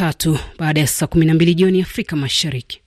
tatu baada ya saa kumi na mbili jioni Afrika Mashariki.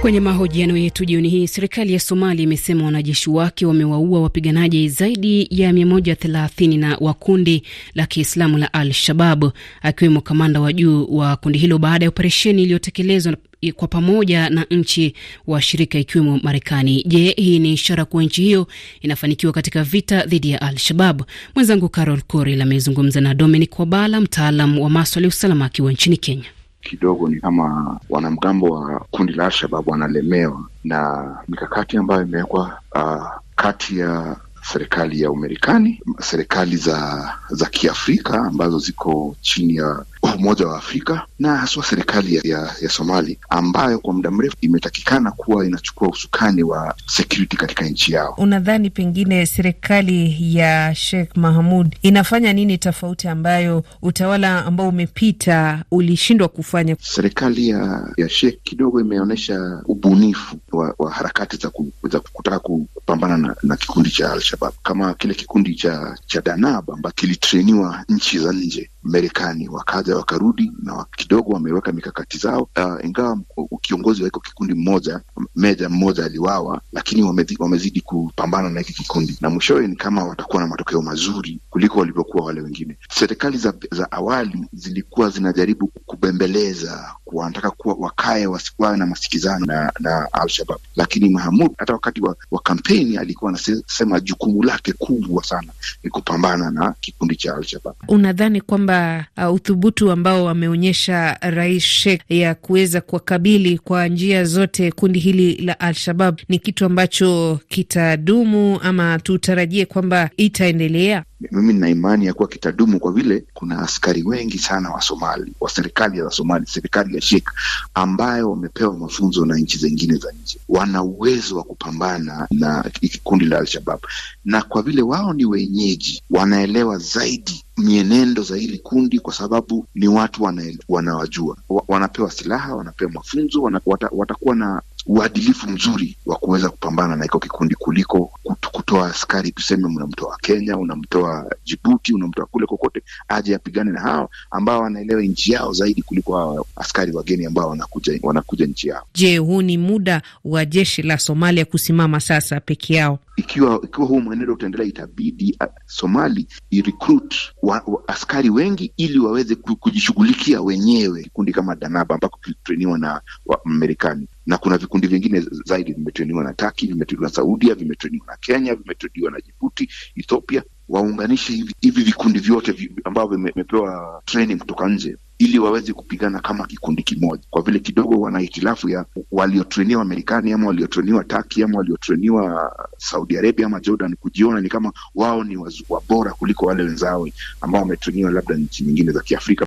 Kwenye mahojiano yetu jioni hii, serikali ya Somalia imesema wanajeshi wake wamewaua wapiganaji zaidi ya 130 na wa kundi la Kiislamu la Al-Shabab, akiwemo kamanda wa juu wa kundi hilo baada ya operesheni iliyotekelezwa kwa pamoja na nchi washirika ikiwemo Marekani. Je, hii ni ishara kuwa nchi hiyo inafanikiwa katika vita dhidi ya Al-Shabab? Mwenzangu Carol Corel amezungumza na Dominic Wabala, mtaalam wa maswala ya usalama akiwa nchini Kenya kidogo ni kama wanamgambo wa kundi la Alshabab wanalemewa na mikakati ambayo imewekwa uh, kati ya serikali ya Umerikani, serikali za za Kiafrika ambazo ziko chini ya Umoja wa Afrika na haswa serikali ya, ya, ya Somali ambayo kwa muda mrefu imetakikana kuwa inachukua usukani wa security katika nchi yao. Unadhani pengine serikali ya Sheikh Mahamud inafanya nini tofauti ambayo utawala ambao umepita ulishindwa kufanya? Serikali ya, ya Sheikh kidogo imeonyesha ubunifu wa, wa harakati za, ku, za kutaka kupambana na, na kikundi cha Al-Shabab kama kile kikundi cha, cha Danab ambayo kilitreniwa nchi za nje, Marekani wakati wanaweza wakarudi na kidogo wameweka mikakati zao. Uh, ingawa kiongozi wa iko kikundi mmoja meja mmoja aliwawa, lakini wamezidi, wamezidi kupambana na hiki kikundi, na mwishowe ni kama watakuwa na matokeo mazuri kuliko walivyokuwa wale wengine. Serikali za, za awali zilikuwa zinajaribu kubembeleza, wanataka kuwa wakae wasikuwawe na masikizano na, na Alshabab, lakini Mahamud hata wakati wa, wa kampeni alikuwa anasema jukumu lake kubwa sana ni kupambana na kikundi cha Alshabab. Unadhani kwamba uh, uthubutu tu ambao ameonyesha Rais Sheikh ya kuweza kuwakabili kwa njia zote kundi hili la Al-Shabab ni kitu ambacho kitadumu ama tutarajie kwamba itaendelea? Mimi nina imani ya kuwa kitadumu kwa vile kuna askari wengi sana wa Somali wa serikali ya Somali, serikali ya Sheikh ambayo wamepewa mafunzo na nchi zingine za nje, wana uwezo wa kupambana na kundi la Al-Shabab, na kwa vile wao ni wenyeji, wanaelewa zaidi mienendo za hili kundi, kwa sababu ni watu wana, wanawajua wanapewa silaha, wanapewa mafunzo wana, wata, watakuwa na uadilifu mzuri wa kuweza kupambana na iko kikundi kuliko kutoa askari tuseme, unamtoa Kenya, unamtoa Jibuti, unamtoa kule kokote, aje apigane na hawa ambao wanaelewa nchi yao zaidi kuliko hawa askari wageni ambao wanakuja, wanakuja nchi yao. Je, huu ni muda wa jeshi la Somalia kusimama sasa peke yao? ikiwa, ikiwa huu mwenendo utaendelea, itabidi uh, Somali irecruit wa, wa askari wengi ili waweze kujishughulikia wenyewe, kikundi kama Danaba ambako kilitreniwa na Marekani na kuna vikundi vingine zaidi vimetreniwa na Taki, vimetreniwa na Saudia, vimetreniwa na Kenya, vimetreniwa na Jibuti, Ethiopia waunganishe hivi, hivi vikundi vyote ambavyo vimepewa training kutoka nje ili waweze kupigana kama kikundi kimoja, kwa vile kidogo wana hitilafu ya waliotreniwa Marekani ama waliotreniwa taki ama waliotreniwa Saudi Arabia ama Jordan, kujiona ni kama wao ni wabora bora kuliko wale wenzao ambao wametreniwa labda nchi nyingine za Kiafrika.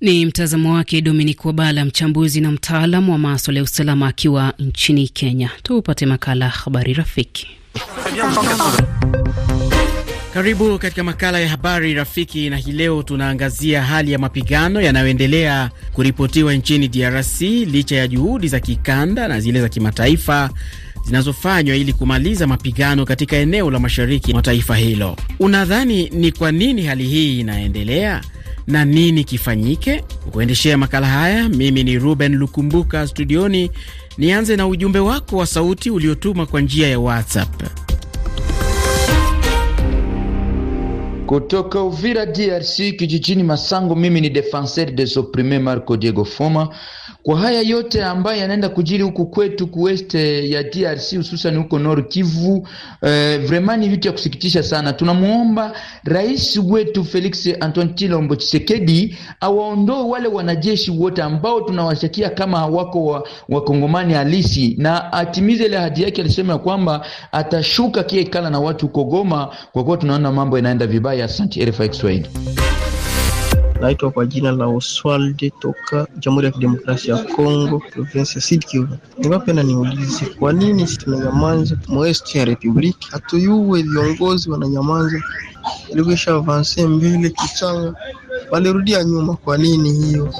Ni mtazamo wake Dominic Wabala, mchambuzi na mtaalamu wa maswala ya usalama akiwa nchini Kenya. Tupate makala Habari Rafiki. Karibu katika makala ya habari rafiki, na hii leo tunaangazia hali ya mapigano yanayoendelea kuripotiwa nchini DRC licha ya juhudi za kikanda na zile za kimataifa zinazofanywa ili kumaliza mapigano katika eneo la mashariki mwa taifa hilo. Unadhani ni kwa nini hali hii inaendelea na nini kifanyike? Kuendeshea makala haya, mimi ni Ruben Lukumbuka studioni. Nianze na ujumbe wako wa sauti uliotuma kwa njia ya WhatsApp. Kutoka Uvira DRC kijijini Masango, mimi ni defenseur des opprimes Marco Diego Foma. Kwa haya yote ambayo yanaenda kujiri huku kwetu kuweste eh, ya DRC hususan huko Nord Kivu, eh, vraiment ni vitu ya kusikitisha sana. Tunamuomba rais wetu Felix Antoine tilombo Chisekedi awaondoe wale wanajeshi wote ambao tunawashakia kama hawako wa, wakongomani halisi na atimize ile ahadi yake. Alisema ya kwamba atashuka kiekala na watu huko Goma, kwa kuwa tunaona mambo yanaenda vibaya. Asante RFI Kiswahili naitwa kwa jina la Oswald toka Jamhuri ya Kidemokrasia ya Kongo, province ya Sud Kivu. Ningependa niulize kwa nini tunanyamaza mwest ya republiki hatuyuwe viongozi wananyamanza ilikwisha avanse mbele kichanga walirudia nyuma, kwa nini hiyo?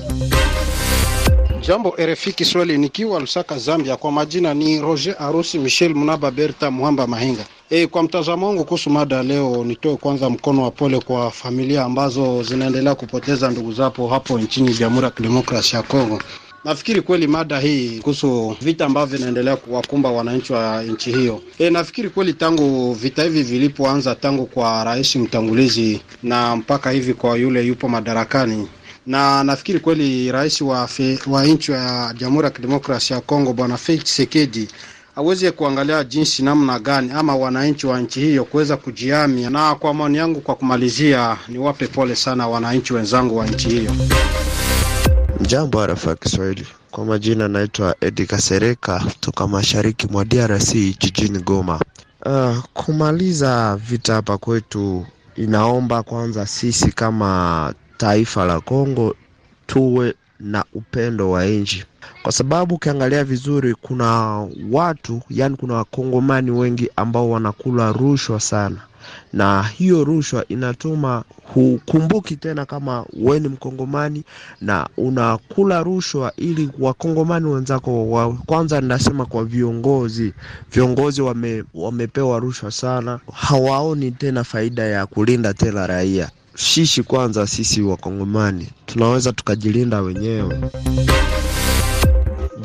Jambo RFI Kiswahili, nikiwa Lusaka, Zambia. Kwa majina ni Roger Arusi Michel Munaba Berta Muhamba Mahinga. E, kwa mtazamo wangu kuhusu mada leo, nitoe kwanza mkono wa pole kwa familia ambazo zinaendelea kupoteza ndugu zapo hapo nchini Jamhuri ya Kidemokrasia ya Kongo. Nafikiri kweli mada hii kuhusu vita ambavyo vinaendelea kuwakumba wananchi wa nchi hiyo. E, nafikiri kweli tangu vita hivi vilipoanza, tangu kwa rais mtangulizi na mpaka hivi kwa yule yupo madarakani, na nafikiri kweli rais wa, wa nchi ya Jamhuri ya Kidemokrasia ya Kongo Bwana Felix Tshisekedi aweze kuangalia jinsi namna gani ama wananchi wa nchi hiyo kuweza kujiamia. Na kwa maoni yangu, kwa kumalizia, niwape pole sana wananchi wenzangu wa nchi hiyo. Jambo arafa ya Kiswahili, kwa majina naitwa Edi Kasereka toka mashariki mwa DRC jijini Goma. Uh, kumaliza vita hapa kwetu inaomba kwanza sisi kama taifa la Kongo tuwe na upendo wa nchi kwa sababu ukiangalia vizuri, kuna watu yani, kuna wakongomani wengi ambao wanakula rushwa sana, na hiyo rushwa inatuma hukumbuki tena kama we ni Mkongomani na unakula rushwa ili wakongomani wenzako wa, kwanza ninasema kwa viongozi, viongozi wame, wamepewa rushwa sana, hawaoni tena faida ya kulinda tena raia. Shishi kwanza, sisi wakongomani tunaweza tukajilinda wenyewe.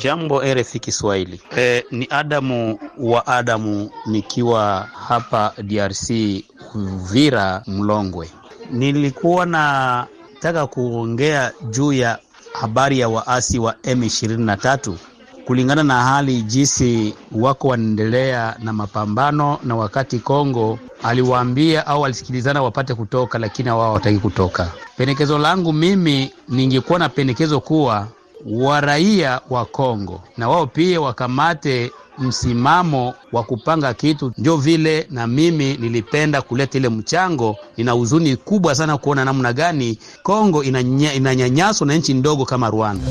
Jambo RFI Kiswahili. E, ni Adamu wa Adamu nikiwa hapa DRC Uvira Mlongwe. Nilikuwa nataka kuongea juu ya habari ya waasi wa M23 kulingana na hali jinsi wako wanaendelea na mapambano, na wakati Kongo aliwaambia au alisikilizana wapate kutoka, lakini wao hawataki kutoka. Pendekezo langu mimi, ningekuwa na pendekezo kuwa wa raia wa Kongo, na wao pia wakamate msimamo wa kupanga kitu. Ndio vile na mimi nilipenda kuleta ile mchango. Nina huzuni kubwa sana kuona namna gani Kongo inanyanyaswa na nchi ndogo kama Rwanda.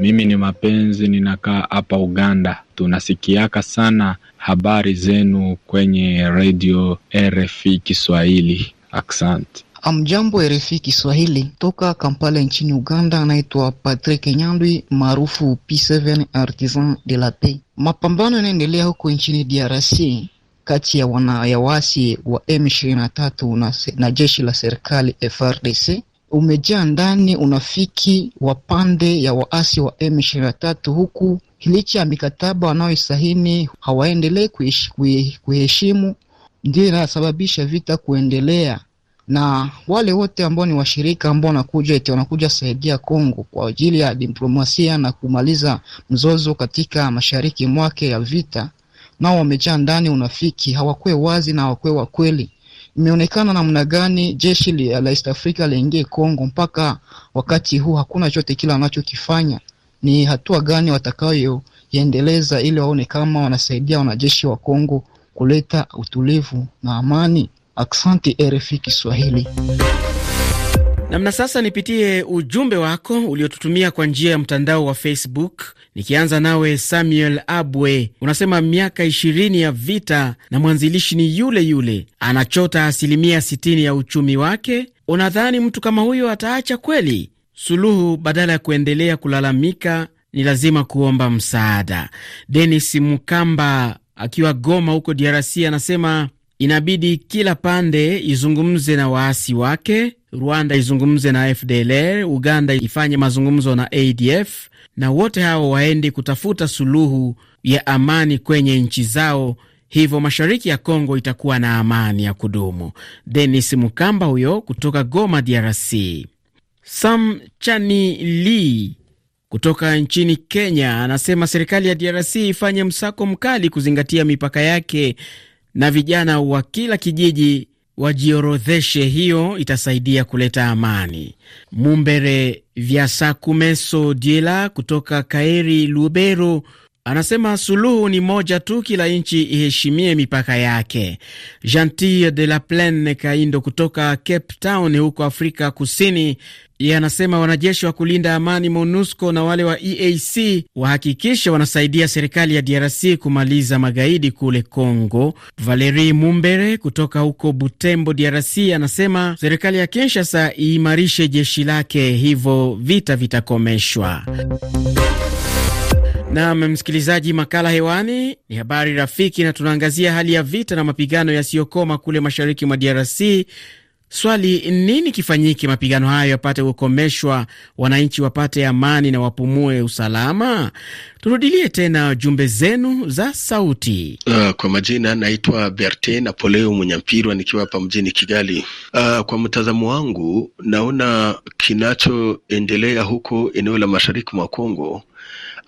Mimi ni mapenzi, ninakaa hapa Uganda. Tunasikiaka sana habari zenu kwenye radio RFI Kiswahili. Aksanti. Amjambo RFI Kiswahili toka Kampala nchini Uganda. Anaitwa Patrick Nyandwi maarufu P7 Artisan de la Paix. Mapambano yanaendelea huko nchini DRC kati ya wanayawasi wa M23 na, na jeshi la serikali FRDC umejaa ndani unafiki wa pande ya waasi wa M23 huku licha ya mikataba wanaoisahini hawaendelee kuheshimu, ndiyo inasababisha vita kuendelea na wale wote ambao ni washirika ambao wanakuja eti wanakuja saidia Kongo kwa ajili ya diplomasia na kumaliza mzozo katika mashariki mwake ya vita, nao wamejaa ndani unafiki, hawakwe wazi na hawakwe wa kweli. Imeonekana namna gani jeshi la East Africa liingie Kongo mpaka wakati huu hakuna chote kile wanachokifanya. Ni hatua gani watakayoiendeleza ili waone kama wanasaidia wanajeshi wa Kongo kuleta utulivu na amani? Aksanti RFI Kiswahili. Namna sasa, nipitie ujumbe wako uliotutumia kwa njia ya mtandao wa Facebook, nikianza nawe Samuel Abwe. Unasema miaka ishirini ya vita na mwanzilishi ni yule yule, anachota asilimia sitini ya uchumi wake. Unadhani mtu kama huyo ataacha kweli? Suluhu badala ya kuendelea kulalamika ni lazima kuomba msaada. Denis Mkamba akiwa Goma huko DRC anasema inabidi kila pande izungumze na waasi wake. Rwanda izungumze na FDLR, Uganda ifanye mazungumzo na ADF, na wote hao waende kutafuta suluhu ya amani kwenye nchi zao. Hivyo mashariki ya Kongo itakuwa na amani ya kudumu. Denis Mukamba huyo kutoka Goma, DRC. Sam Chani Lee kutoka nchini Kenya anasema serikali ya DRC ifanye msako mkali kuzingatia mipaka yake na vijana wa kila kijiji wajiorodheshe. Hiyo itasaidia kuleta amani. Mumbere Vyasakumeso Diela kutoka Kaeri Lubero anasema suluhu ni moja tu, kila nchi iheshimie mipaka yake. Gentil de la Plaine Kaindo kutoka Cape Town huko Afrika Kusini, yeye anasema wanajeshi wa kulinda amani MONUSCO na wale wa EAC wahakikishe wanasaidia serikali ya DRC kumaliza magaidi kule Congo. Valeri Mumbere kutoka huko Butembo, DRC, anasema serikali ya Kinshasa iimarishe jeshi lake, hivyo vita vitakomeshwa. Nam msikilizaji, makala hewani ni habari rafiki, na tunaangazia hali ya vita na mapigano yasiyokoma kule mashariki mwa DRC. Swali, nini kifanyike mapigano hayo yapate kukomeshwa, wananchi wapate amani na wapumue usalama? Turudilie tena jumbe zenu za sauti. Uh, kwa majina naitwa Berte Napoleo Mwenyampirwa nikiwa hapa mjini Kigali. Uh, kwa mtazamo wangu naona kinachoendelea huko eneo la mashariki mwa Kongo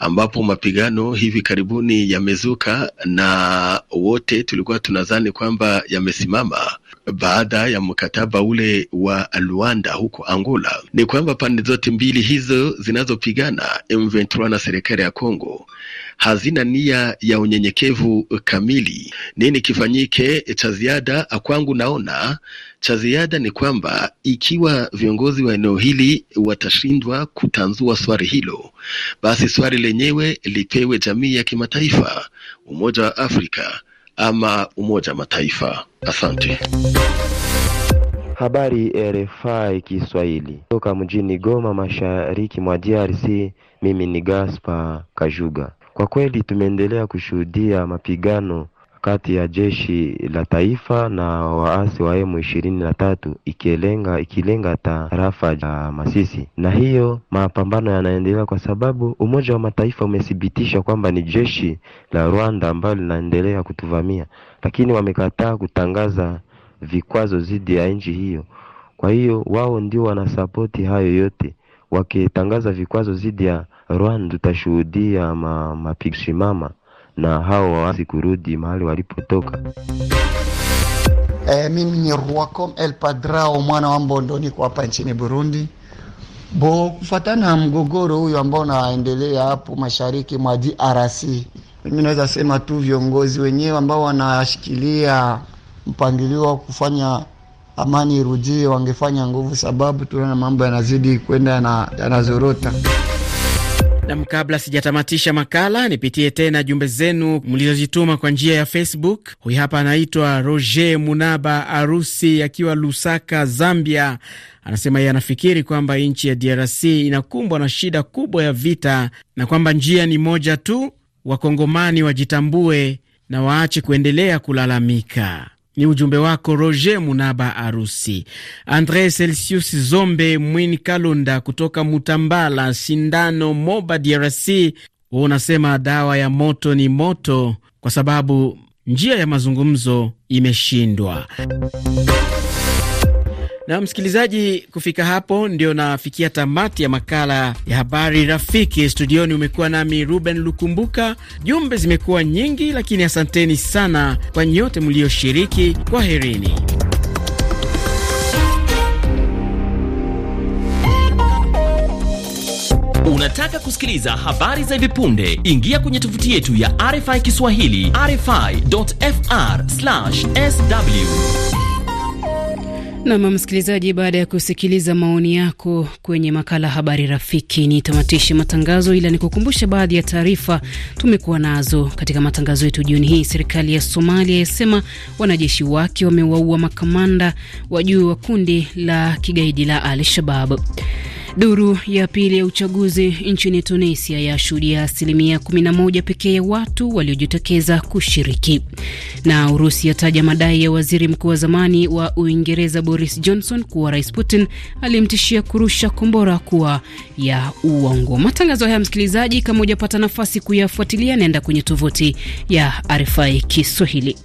ambapo mapigano hivi karibuni yamezuka na wote tulikuwa tunadhani kwamba yamesimama baada ya mkataba ule wa Luanda huko Angola. Ni kwamba pande zote mbili hizo zinazopigana M23 na serikali ya Kongo hazina nia ya unyenyekevu kamili. Nini kifanyike cha ziada? Kwangu naona cha ziada ni kwamba ikiwa viongozi wa eneo hili watashindwa kutanzua swali hilo, basi swali lenyewe lipewe jamii ya kimataifa, Umoja wa Afrika ama Umoja Mataifa. Asante. Habari eh, RFI Kiswahili toka mjini Goma, mashariki mwa DRC. Mimi ni Gaspar Kajuga. Kwa kweli tumeendelea kushuhudia mapigano kati ya jeshi la taifa na waasi wa emu ishirini na tatu ikilenga ikilenga tarafa ya Masisi, na hiyo mapambano yanaendelea kwa sababu Umoja wa Mataifa umethibitisha kwamba ni jeshi la Rwanda ambalo linaendelea kutuvamia, lakini wamekataa kutangaza vikwazo dhidi ya nchi hiyo. Kwa hiyo wao ndio wanasapoti hayo yote, wakitangaza vikwazo dhidi ya Rwanda tutashuhudia ma, mapigo na hao waanze kurudi mahali walipotoka. E, mimi ni Rwakom El Padrao mwana wa Mbondo, niko hapa nchini Burundi bo kufatana na mgogoro huyo ambao unaendelea hapo mashariki mwa DRC. Mimi naweza sema tu viongozi wenyewe ambao wanashikilia mpangilio wa kufanya amani irudie, wangefanya nguvu, sababu tunaona mambo yanazidi kwenda yanazorota na, Nam, kabla sijatamatisha makala, nipitie tena jumbe zenu mlizozituma kwa njia ya Facebook. Huyu hapa anaitwa Roger Munaba Arusi akiwa Lusaka, Zambia. Anasema yeye anafikiri kwamba nchi ya DRC inakumbwa na shida kubwa ya vita na kwamba njia ni moja tu, Wakongomani wajitambue na waache kuendelea kulalamika. Ni ujumbe wako Roger Munaba Arusi. Andre Celsius Zombe Mwini kalunda kutoka Mutambala Sindano, Moba, DRC, huu unasema dawa ya moto ni moto, kwa sababu njia ya mazungumzo imeshindwa. Na msikilizaji, kufika hapo ndio nafikia tamati ya makala ya habari rafiki. Studioni umekuwa nami Ruben Lukumbuka. Jumbe zimekuwa nyingi, lakini asanteni sana kwa nyote mlioshiriki. Kwa herini. Unataka kusikiliza habari za hivi punde? Ingia kwenye tovuti yetu ya RFI Kiswahili, rfi.fr/sw. Nam msikilizaji, baada ya kusikiliza maoni yako kwenye makala habari rafiki, ni tamatishe matangazo, ila nikukumbushe baadhi ya taarifa tumekuwa nazo katika matangazo yetu jioni hii. Serikali ya Somalia yasema wanajeshi wake wamewaua makamanda wa juu wa kundi la kigaidi la Al Shabab. Duru ya pili ya uchaguzi nchini Tunisia yashuhudia asilimia 11 pekee ya watu waliojitokeza kushiriki. Na Urusi yataja madai ya waziri mkuu wa zamani wa Uingereza Boris Johnson kuwa Rais Putin alimtishia kurusha kombora kuwa ya uongo. Matangazo haya msikilizaji, kama hujapata nafasi kuyafuatilia, naenda kwenye tovuti ya RFI Kiswahili.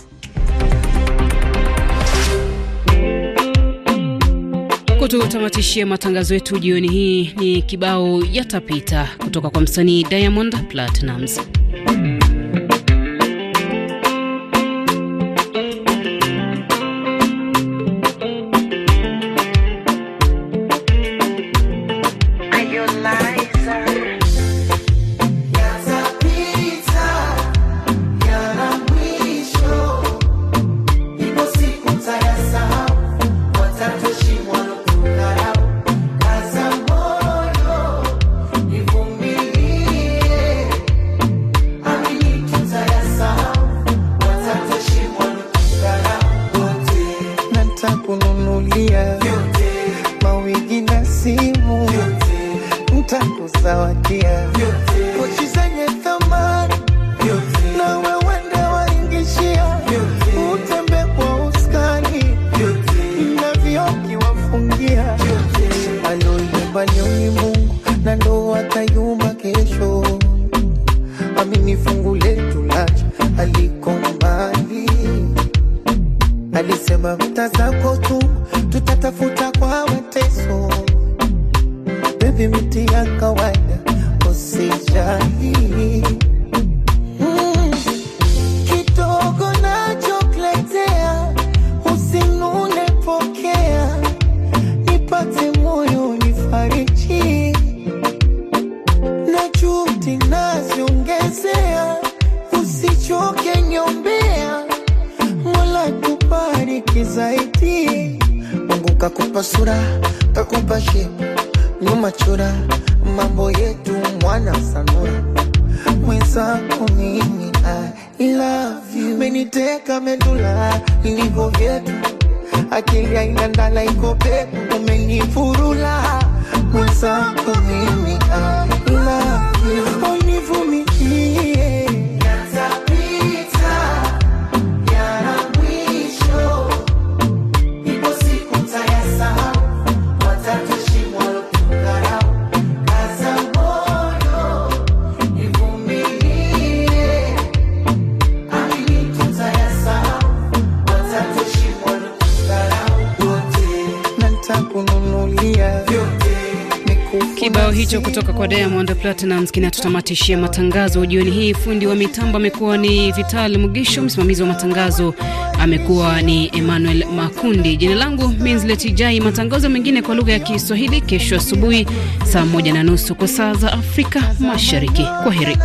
tutamatishia matangazo yetu jioni hii ni kibao yatapita kutoka kwa msanii Diamond Platnumz. chura takupa nyuma chura mambo yetu mwana sanura mwenzangu mimi I love you meniteka medula ilivyo vyetu akili ainandala iko pepu umenifurula mwenzangu mimi I love you univumilia nitakununulia Kibao hicho kutoka kwa Diamond Platinums kinatutamatishia matangazo jioni hii. Fundi wa mitambo amekuwa ni Vital Mugisho, msimamizi wa matangazo amekuwa ni Emmanuel Makundi. Jina langu minsletjai Jai. Matangazo mengine kwa lugha ya Kiswahili kesho asubuhi saa moja na nusu kwa saa za Afrika Mashariki. Kwa heri.